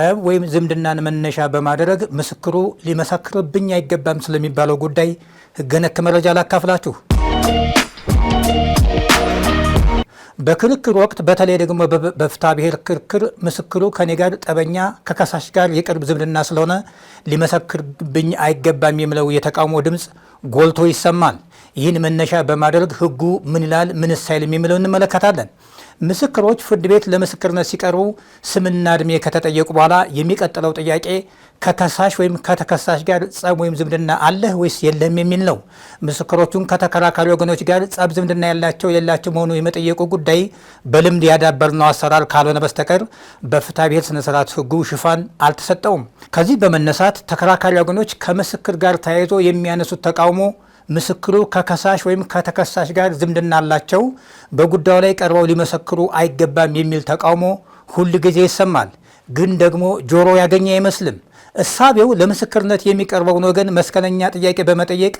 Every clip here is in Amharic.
ጸብ ወይም ዝምድናን መነሻ በማድረግ ምስክሩ ሊመሰክርብኝ አይገባም ስለሚባለው ጉዳይ ህገነክ መረጃ ላካፍላችሁ። በክርክር ወቅት በተለይ ደግሞ በፍታ ብሔር ክርክር ምስክሩ ከኔ ጋር ጠበኛ ከከሳሽ ጋር የቅርብ ዝምድና ስለሆነ ሊመሰክርብኝ አይገባም የሚለው የተቃውሞ ድምፅ ጎልቶ ይሰማል። ይህን መነሻ በማድረግ ህጉ ምን ይላል፣ ምን ሳይል የሚለው እንመለከታለን። ምስክሮች ፍርድ ቤት ለምስክርነት ሲቀርቡ ስምና እድሜ ከተጠየቁ በኋላ የሚቀጥለው ጥያቄ ከከሳሽ ወይም ከተከሳሽ ጋር ጸብ ወይም ዝምድና አለህ ወይስ የለህም የሚል ነው። ምስክሮቹን ከተከራካሪ ወገኖች ጋር ጸብ፣ ዝምድና ያላቸው የሌላቸው መሆኑ የመጠየቁ ጉዳይ በልምድ ያዳበርነው አሰራር ካልሆነ በስተቀር በፍትሐ ብሔር ስነስርዓት ህጉ ሽፋን አልተሰጠውም። ከዚህ በመነሳት ተከራካሪ ወገኖች ከምስክር ጋር ተያይዞ የሚያነሱት ተቃውሞ ምስክሩ ከከሳሽ ወይም ከተከሳሽ ጋር ዝምድና አላቸው፣ በጉዳዩ ላይ ቀርበው ሊመሰክሩ አይገባም የሚል ተቃውሞ ሁል ጊዜ ይሰማል። ግን ደግሞ ጆሮ ያገኘ አይመስልም። እሳቤው ለምስክርነት የሚቀርበውን ወገን መስቀለኛ ጥያቄ በመጠየቅ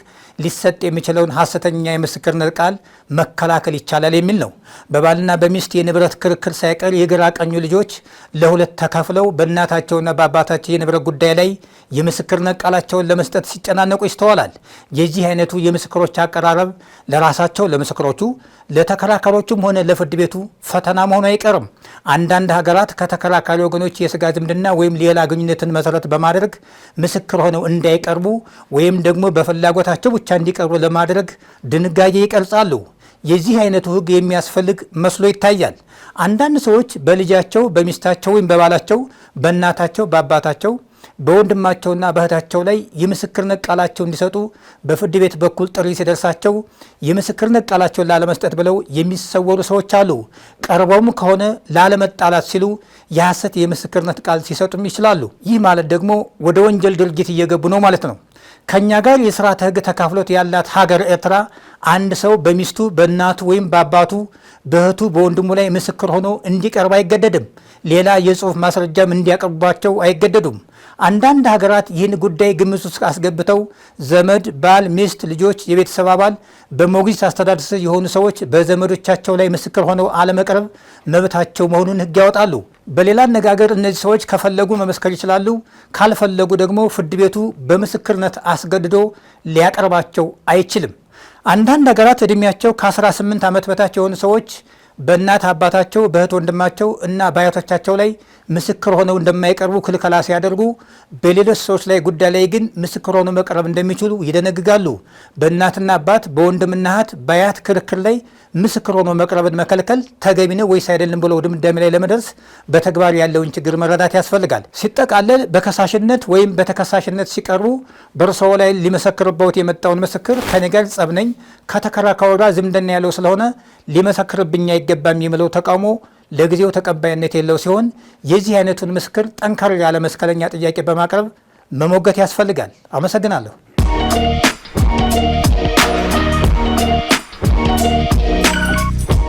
ሊሰጥ የሚችለውን ሐሰተኛ የምስክርነት ቃል መከላከል ይቻላል የሚል ነው። በባልና በሚስት የንብረት ክርክር ሳይቀር የግራ ቀኙ ልጆች ለሁለት ተከፍለው በእናታቸውና በአባታቸው የንብረት ጉዳይ ላይ የምስክርነት ቃላቸውን ለመስጠት ሲጨናነቁ ይስተዋላል። የዚህ አይነቱ የምስክሮች አቀራረብ ለራሳቸው ለምስክሮቹ፣ ለተከራካሪዎቹም ሆነ ለፍርድ ቤቱ ፈተና መሆኑ አይቀርም። አንዳንድ ሀገራት ከተከራካሪ ወገኖች የስጋ ዝምድና ወይም ሌላ ግንኙነትን መሰረት በማድረግ ምስክር ሆነው እንዳይቀርቡ ወይም ደግሞ በፍላጎታቸው ብቻ እንዲቀርቡ ለማድረግ ድንጋጌ ይቀርጻሉ። የዚህ አይነቱ ህግ የሚያስፈልግ መስሎ ይታያል። አንዳንድ ሰዎች በልጃቸው፣ በሚስታቸው ወይም በባላቸው፣ በእናታቸው፣ በአባታቸው በወንድማቸውና በእህታቸው ላይ የምስክርነት ቃላቸው እንዲሰጡ በፍርድ ቤት በኩል ጥሪ ሲደርሳቸው የምስክርነት ቃላቸውን ላለመስጠት ብለው የሚሰወሩ ሰዎች አሉ። ቀርበውም ከሆነ ላለመጣላት ሲሉ የሐሰት የምስክርነት ቃል ሲሰጡም ይችላሉ። ይህ ማለት ደግሞ ወደ ወንጀል ድርጊት እየገቡ ነው ማለት ነው። ከእኛ ጋር የስርዓተ ሕግ ተካፍሎት ያላት ሀገር ኤርትራ አንድ ሰው በሚስቱ በእናቱ ወይም በአባቱ በእህቱ በወንድሙ ላይ ምስክር ሆኖ እንዲቀርብ አይገደድም። ሌላ የጽሑፍ ማስረጃም እንዲያቀርቧቸው አይገደዱም። አንዳንድ ሀገራት ይህን ጉዳይ ግምት ውስጥ አስገብተው ዘመድ፣ ባል፣ ሚስት፣ ልጆች፣ የቤተሰብ አባል በሞግዚት አስተዳደር ስር የሆኑ ሰዎች በዘመዶቻቸው ላይ ምስክር ሆነው አለመቅረብ መብታቸው መሆኑን ህግ ያወጣሉ። በሌላ አነጋገር እነዚህ ሰዎች ከፈለጉ መመስከር ይችላሉ፣ ካልፈለጉ ደግሞ ፍርድ ቤቱ በምስክርነት አስገድዶ ሊያቀርባቸው አይችልም። አንዳንድ ሀገራት እድሜያቸው ከ18 ዓመት በታች የሆኑ ሰዎች በእናት አባታቸው በእህት ወንድማቸው እና በአያቶቻቸው ላይ ምስክር ሆነው እንደማይቀርቡ ክልከላ ሲያደርጉ በሌሎች ሰዎች ላይ ጉዳይ ላይ ግን ምስክር ሆነው መቅረብ እንደሚችሉ ይደነግጋሉ። በእናትና አባት፣ በወንድምና እህት፣ በአያት ክርክር ላይ ምስክር ሆኖ መቅረብን መከልከል ተገቢ ነው ወይስ አይደለም ብሎ ድምዳሜ ላይ ለመድረስ በተግባር ያለውን ችግር መረዳት ያስፈልጋል። ሲጠቃለል በከሳሽነት ወይም በተከሳሽነት ሲቀርቡ በእርስዎ ላይ ሊመሰክርበት የመጣውን ምስክር ከኔ ጋር ጸብ ነኝ ጋር ዝምድና ያለው ስለሆነ ሊመሰክርብኝ አይገባም የሚለው ተቃውሞ ለጊዜው ተቀባይነት የለው ሲሆን የዚህ አይነቱን ምስክር ጠንከር ያለ መስቀለኛ ጥያቄ በማቅረብ መሞገት ያስፈልጋል። አመሰግናለሁ።